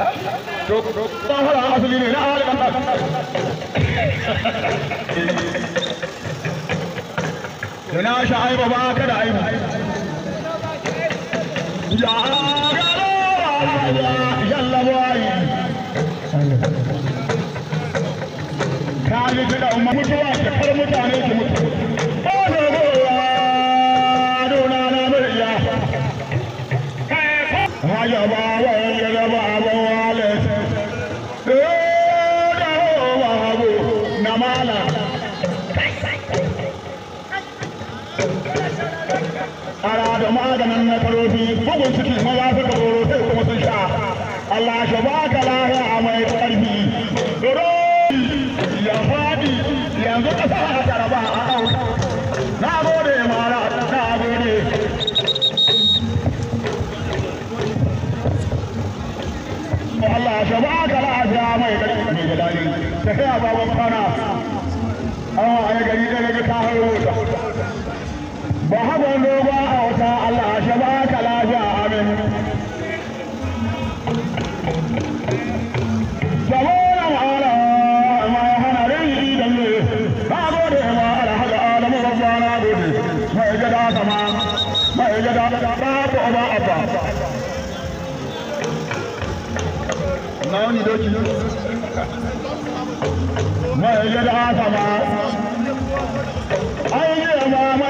to ta fara asali ne na halin Allah yana da ta mutane su da maganin na karofi bugun ciki maza suka tsoro sai kuma sun sha Allah shi ba ka lahiya a mai ya faɗi yanzu ƙasa a karaba a au na gode mara na gode Allah shi ba ka lahiya mai da mai daɗi tafiya baban kwana a wani gari ɗaya ga ta hau ba dogon doki mai ma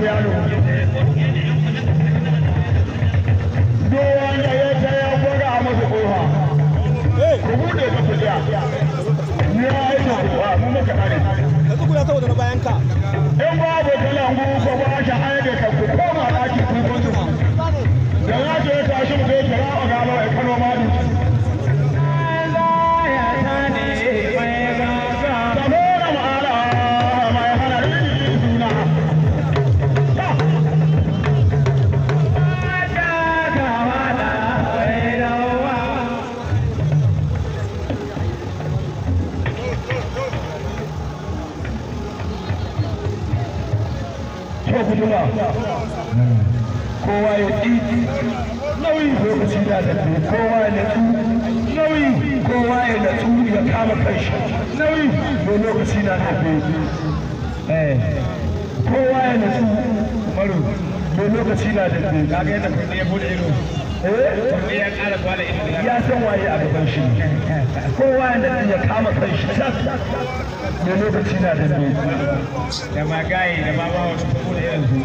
shafi yaro doyon ya yi ta ya kwaga a masa kofa ku bude ta ku ja ya yi ta kofa mu maka kare yanzu kuna saboda na bayan ka in babu kalangu ko ba shi aida ka ku koma ɗaki nauyi ko lokaci na tafi eh, kowa ya nutsu maro to lokaci na tafi kaga ya bude ido eh? ya san waye a gaban shi kowa ya nutsu ya kama kan shi lokaci na da magaye da bude yanzu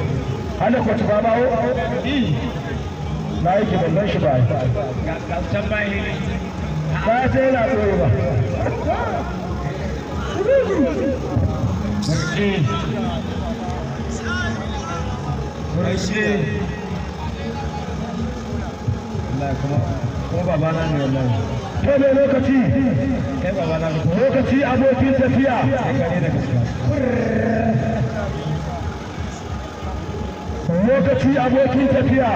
ana o? I. na yake shi ba ba sai yana koyo ba sarki sarki lokaci lokaci abokin tafiya lokaci abokin tafiya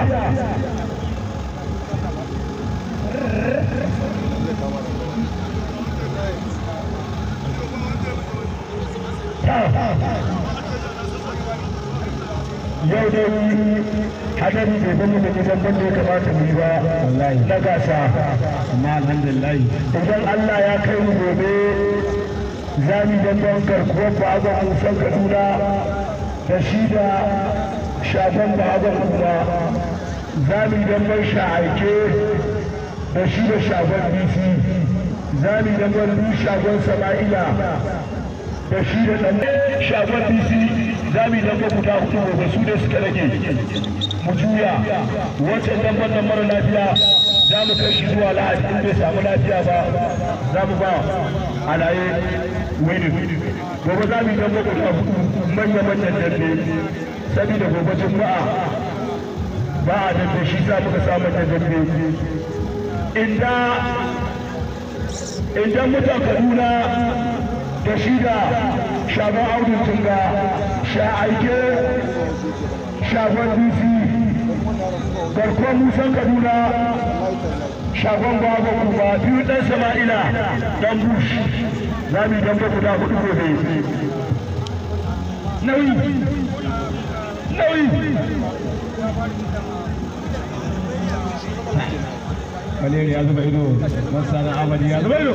yau dai hadari bai zama da gidan ban da ya kamata mu yi ba na gasa amma alhamdulillah idan Allah ya kai mu gobe za mu dandan garkuwar ba ga ka kaduna da shi da shafan ba ga kuma za mu dandan sha'aike da shi da shafan bc za mu dandan shagon sama'ila da shi da ɗan shafar bc za mu yi dambe guda hudu gobe su ne suka rage mu juya wancan damban nan mara lafiya za mu kai shi zuwa lahadi in bai samu lafiya ba za mu ba alaye wani gobe za mu yi dambe guda hudu manya-manyan dambe saboda gobe juma'a ba a dambe shi za mu ka samu dambe inda idan mutan kaduna Rashida, shi Audu shaban audin tunga sha aike shagon dc barkon musan kaduna shagon gwagwa kuma biyu ɗan sama'ila ɗan bush za mu yi dan guda hudu gobe nauyi nauyi Kaleri ya zuba ido, masana Amadi ya zuba ido.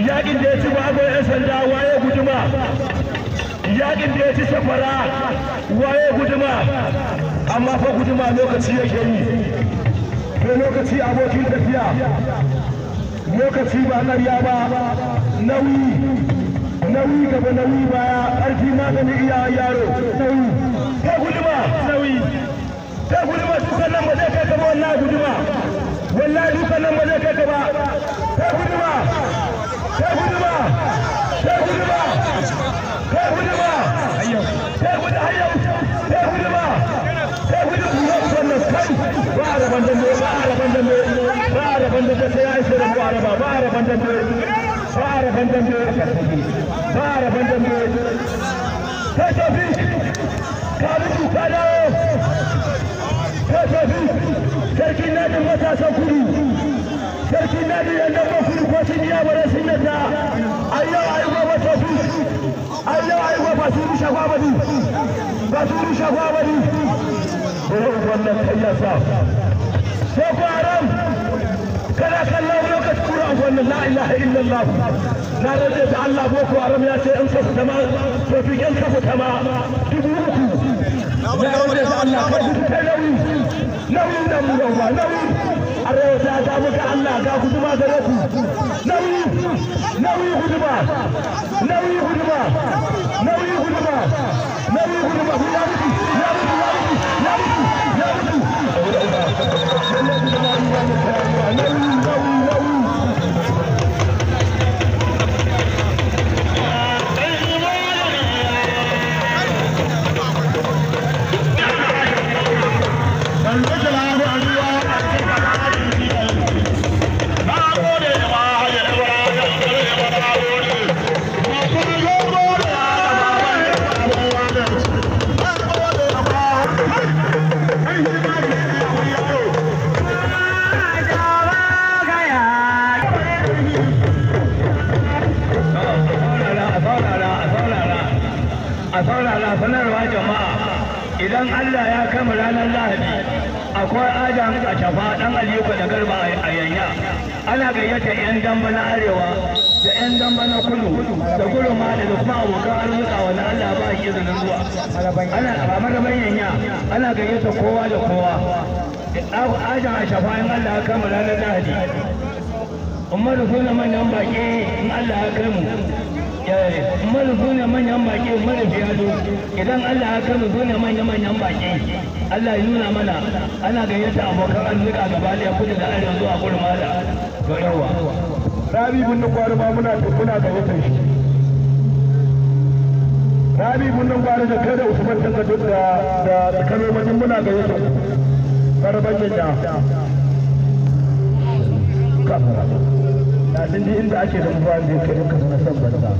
yakin da ya ci babu yan sanda waye guduma yakin da ya ci safara waye guduma amma fa guduma lokaci yake yi ko lokaci abokin tafiya lokaci ba narya ba nauyi nauyi gaba nauyi baya ƙarfi magani iya yaro nauyi ta guduma nauyi ta guduma dukkan nan ba zai kai ka ba wallahi guduma wallahi dukkan nan ba zai kai ka ba ta guduma Sarkin nadin matasan kudu sarki na da yanda ba ku ko cin ya bare sun yadda ayyo ayi go ba to ayyo ayi go ba su rusha go ba di ba su rusha go ba di ko wannan kayyasa sai ko haram kana kallon lokacin Qur'an wannan la ilaha illallah na rage da Allah boko haram ya ce in ka fita ma in ka fita dubu uku na rage da Allah ka fita nauyi nauyin nan mu nauyi arewa ta ta muka Allah ga huduma gare ku nauyi nauyi huduma nauyi huduma nauyi huduma nauyi huduma yadda 'yan damba na arewa da 'yan damba na kudu da gudun ma da kuma abokan arzika wani Allah ba shi da zuwa ana ba marabar yanya ana gayyata kowa da kowa ajin a shafayin Allah kama ranar lahadi umar na manyan baƙi in Allah ya kai mu su ne manyan baƙi mara fiyado idan Allah ya kama su ne manyan manyan baƙi Allah ya nuna mana ana gayyata abokan arzika gaba da kudu da arewa zuwa gudu mala ga yawa rabi bin kwari ma muna muna gayyatar shi rabi bin kwari da kada usman tanga duk da da kalmomin muna gayyatar karban da na sun ji inda ake zama ba da yake duka sana san banza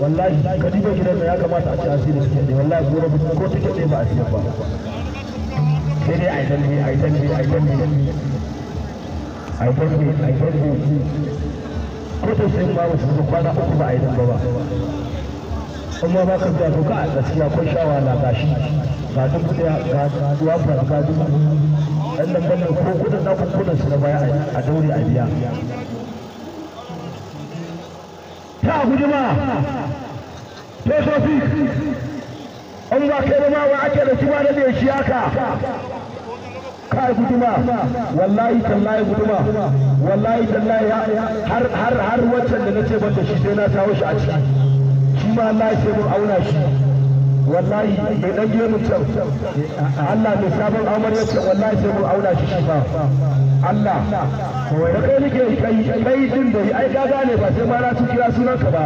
wallahi ka duba gidan ya kamata a ci asiri suke ne wallahi gora ko take ne ba a siya ba sai dai a yi dalbi a yi dalbi a yi a yi ko ta sai ma ba su kwana uku ba a yi ba amma ba ka zuwa to ka a gaskiya ko shawara na gashi. ga dubu daya ga dubu ga dubu ɗan nan ballan ko kudin na kudin su na baya a daure a biya ta hujuma tosofi an ba kai ma wa ake da shi ba da bai shi haka kai guduma wallahi tallahi guduma wallahi tallahi har har har waccan da nace ban da shi sai na tawo shi a ciki shi ma Allah sai mun auna shi wallahi bai dan mu can Allah mai sabon ya ce wallahi sai mu auna shi shi ba Allah da kai nake kai kai din da ai ka gane ba sai ma na su kira sunan ka ba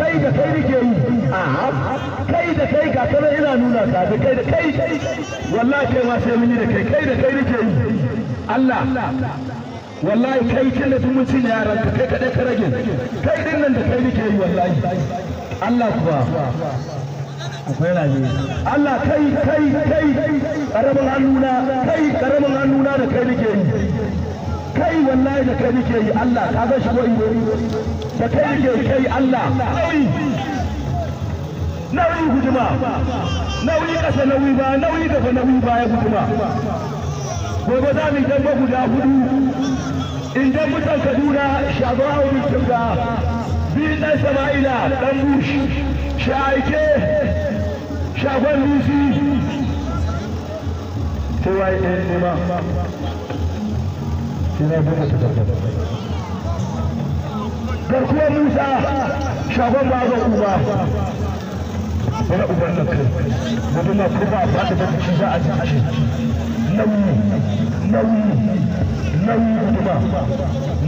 kai da kai nake yi a kai da kai ga kana ina nuna ka da kai da kai wallahi kai ma sai mun yi da kai kai da kai nake yi Allah wallahi kai kana tun mutum yaran ka kai kada ka rage kai din nan da kai nake yi wallahi Allah kuwa akwai rabe Allah kai kai kai karamin hannuna kai karamin hannuna da kai nake yi kai wallahi da kai nake yi Allah ka ga shi ko da kai nake kai Allah nauyi nauyi hujuma nauyi kasa nauyi ba nauyi daga nauyi ba ya hujuma gobe za mu dan guda hudu idan mutan Kaduna shabawu mutunga bi dan Sama'ila dan Bush shaike shagon lisi tyn nema shine buga su garkuwar musa shagon ba uba wani uban nan kai wani na kuma ba da ba ci za a ji ashe nauyi nauyi nauyi guduma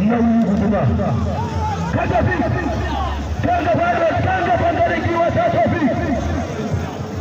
nauyi guduma ka tafi kan gaba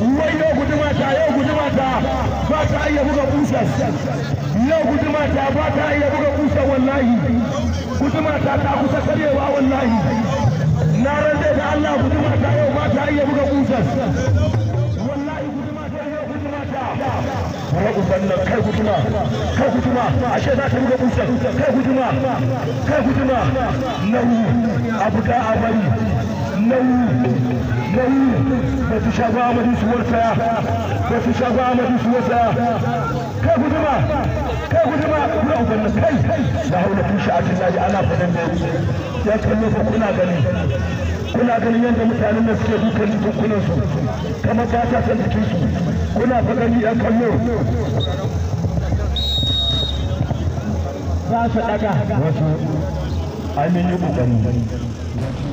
wai yau guduma ta yau guduma ta ba ta iya buga kusa yau guduma ta ba ta iya buga kusa wallahi guduma ta ta kusa karyewa wallahi na rande da Allah guduma ta yau ba ta iya buga kusa wallahi guduma ta yau guduma ta bara ubanna kai guduma kai guduma ashe za ta buga kusa kai guduma kai guduma nahu abuda abari በተሻጓ መዲስ ወርሳ በተሻጓ መዲስ ወርሳ ከጉድማ ከጉድማ ጉዳው በነ kai da haula kun sha'atin laji ana faɗin da ya kallo kuna gani kuna mutanen da suke dukan dukkunan kamar ba ta kuna fa gani su wasu kokari